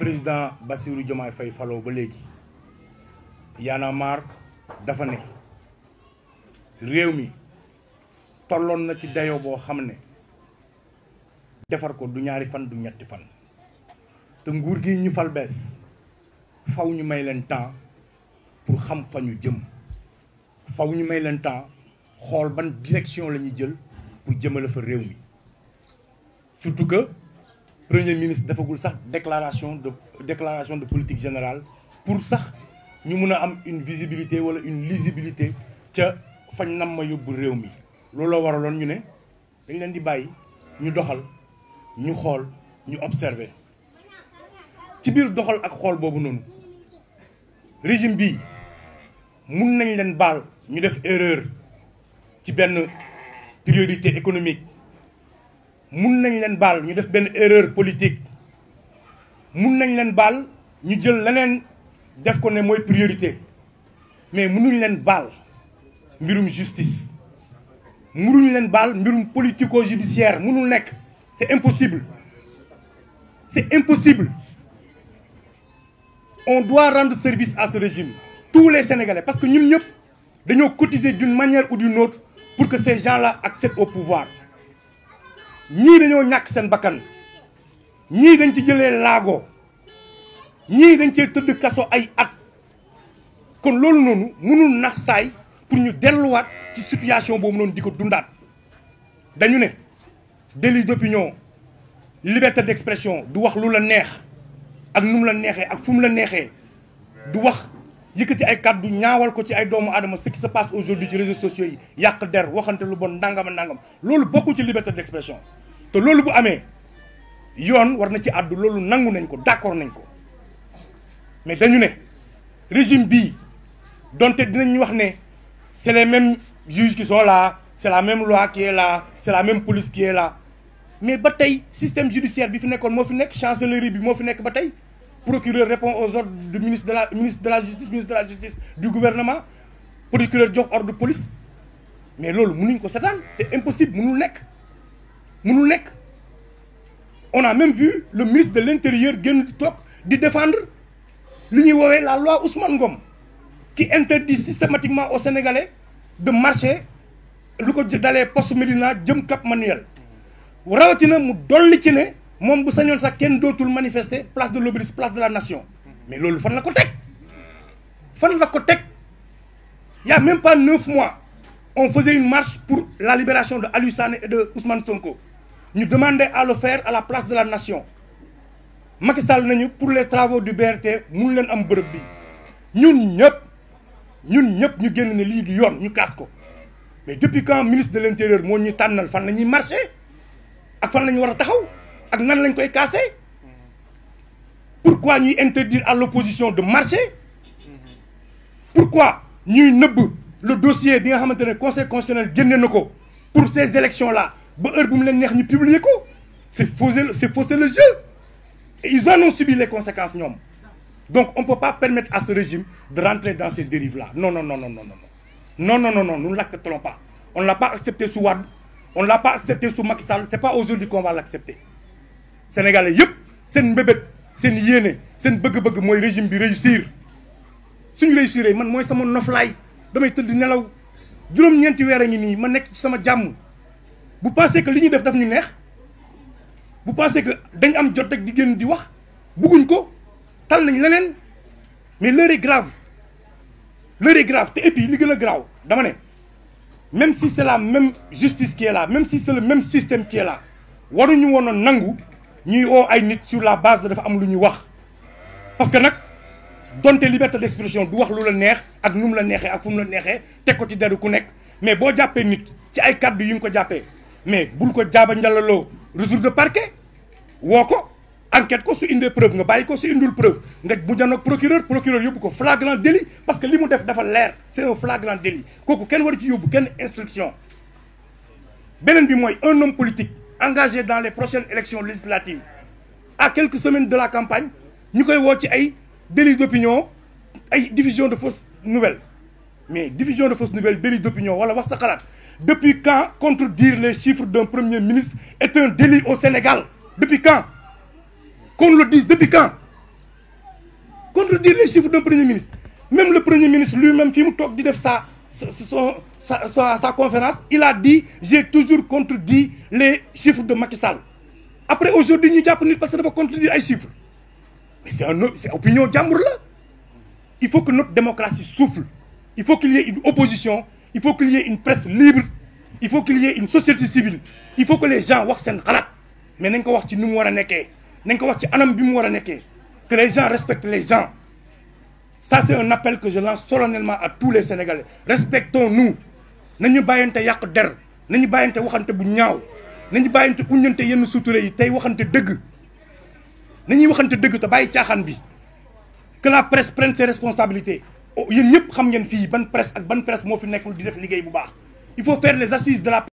président Bassirou Diomaye fay faloo ba léegi Y'en dafa ne réew mi tolloon na ci dayoo boo xam ne defar ko du ñaari fan du ñetti fan te nguur gi ñu fal bees faw ñu may leen temps pour xam fa ñu jëm faw ñu may leen temps xool ban direction la ñuy jël pour jëmale fa réew mi surtout que premier ministre defagul sax déclaration de déclaration de politique générale pour sax ñu mun a am une visibilité wala une lisibilité ca fañ nam ma yóbbu réew mi loolu la waraloon ñu ne dañ leen di bàyyi ñu doxal ñu xool ñu observer ci biir doxal ak xool boobu noonu régime bi mun nañ leen baal ñu def erreur ci benn priorité économique mun nañ leen baal ñu def benn erreur politique mun nañ leen baal ñu jël leneen def ko ne mooy priorité mais munuñ leen baal mbirum justice munuñ leen baal mbirum politico judiciaire munul nekk c'est impossible c'est impossible on doit rendre service à ce régime tous les Sénégalais parce que ñun ñëpp dañoo cotiser d'une manière ou d'une autre pour que ces gens-là accèdent au pouvoir ñii dañoo ñàkk seen bakkan ñii dañ ci jëlee laago ñii dañ cee tëdd kaso ay at kon loolu noonu mënul nax saay pour ñu delluwaat ci situation boobu noonu di ko dundaat dañu ne délit d'opinion liberté d'expression du wax lu la neex ak nu la neexee ak fu mu la neexee du wax yëkkati ay kàddu ñaawal ko ci ay doomu aadama ce qui se passe aujourd'hui ci réseaux sociaux yi yàq der waxante lu bon ndàngama ndàngam loolu bokkul ci liberté d'expression te loolu bu amee yoon war na ci àddu loolu nangu nañ ko d'accord nañ ko mais dañu ne régime bii donte dinañ wax ne c'est les mêmes juges qui sont là c'est la même loi qui est là c'est la même police qui est là mais ba tey système judiciaire bi fi nekkoon moo fi nekk chancellerie bi moo fi nekk ba tey procureur répond aux ordres du ministre de la ministre de la justice ministre de la justice du gouvernement procureur jox ordre de police mais loolu mënuñ ko setaan c'est impossible mënul nekk mënul nekk on a même vu le ministre de l'intérieur génn di toog di défendre li ñuy woowee la loi Ousmane Ngom qui interdit systématiquement aux Sénégalais de marché lu ko dalee poste Médina jëm Cap Manuel rawatina mu dolli ci ne moom bu sañoon sax kenn dootul manifester place de l'Obélisque place de la nation mais loolu fan la ko teg fan la ko teg y a même pas neuf mois on faisait une marche pour la libération de Aliou Sané et de Ousmane Sonko ñu demandé à le faire à la place de la nation Macky nañu pour les travaux du BRT mun leen am bërëb bi ñun ñëpp ñun ñëpp ñu génn ne lii du yoon ñu kaas ko mais depuis quand ministre de l'intérieur moo ñu tànnal fan la ñuy marché ak fan la ñu war a taxaw ak nan lañ koy kaase pourquoi ñuy interdire à l'opposition de marcher pourquoi ñuy nëbb le dossier bi nga xamante ne conseil constitutionnel génne na ko pour ces élections là ba heure bu mu leen neex ñu publier ko c'est fausser c'est fausser le jeu et ils en ont subi les conséquences ñoom donc on peut pas permettre à ce régime de rentrer dans ces dérives là non non non non non non non non non non nous ne l'accepterons pas on l'a pas accepté sous Wade on l'a pas accepté sous Macky Sall c'est pas aujourd'hui qu'on va l'accepter sénégalais yëpp seen mbébét seen yéene seen bëgg-bëgg mooy régime bi réussir suñu réussir man mooy sama noflaay damay tëdd nelaw juróom-ñeenti weer a ngi nii ma nekk ci sama jàmm bu pensé que li ñuy def daf ñu neex bu pensé que dañ am jot rek di génn di wax bugguñ ko tal nañ leneen mais l'heure est grave l'heure est grave te et li gën a graaw dama ne même si c'est la même justice qui la là même si c'est le même système qui est waruñu woon a nangu ñuy oo ay nit sur la base dafa am lu ñuy wax parce que nag donte liberté d'expression du wax lu la neex ak nu la neexee ak fu la neexee te ko ci ku nekk mais boo jàppee nit ci ay kàddu yu ñu ko jàppee mais bul ko jaaba njalaloo retour de parquet woo ko enquête ko su indee preuve nga bàyyi ko su indul preuve nga bu janoog procureur procureur yóbbu ko flagrant délit parce que li mu def dafa leer c'est un flagrant délit kooku kenn war ci yóbbu kenn instruction beneen bi mooy un homme politique engagé dans les prochaines élections législatives à quelques semaine de la campagne ñu koy woo ci ay délit d'opinion ay diffusion de fausses nouvelles mais diffusion de fausses nouvelles délit d'opinion wala wax sa xalaat Depuis quand contredire les chiffres d'un Premier ministre est un délit au Sénégal Depuis quand Qu'on le dise, depuis quand Contredire les chiffres d'un Premier ministre. Même le Premier ministre lui-même, qui dit sa, sa, conférence, il a dit J'ai toujours contredit les chiffres de Macky Après, aujourd'hui, nous avons parce qu'il contredire les chiffres. Mais c'est une opinion d'amour là. Il faut que notre démocratie souffle. Il faut qu'il y ait une opposition il faut qu'il y ait une presse libre il faut qu'il y ait une société civile il faut que les gens wax seen xalaat mais nañ ko wax ci ni mu war a nekkee nañ ko wax ci anam bi mu war a nekkee que les gens respectent les gens ça c'est un appel que je lance solennellement à tous les Sénégalais respectons-nous nañu bàyyante yàq der nañu bàyyante waxante bu ñaaw nañu bàyyante uñante yenn suture yi tey waxante dëgg nañuy waxante dëgg te bàyyi caaxaan bi que la presse prenne ses yéen ñëpp xam ngeen fii ban presse ak ban presse moo fi nekkul di def liggéey bu baax il faut faire les assises de la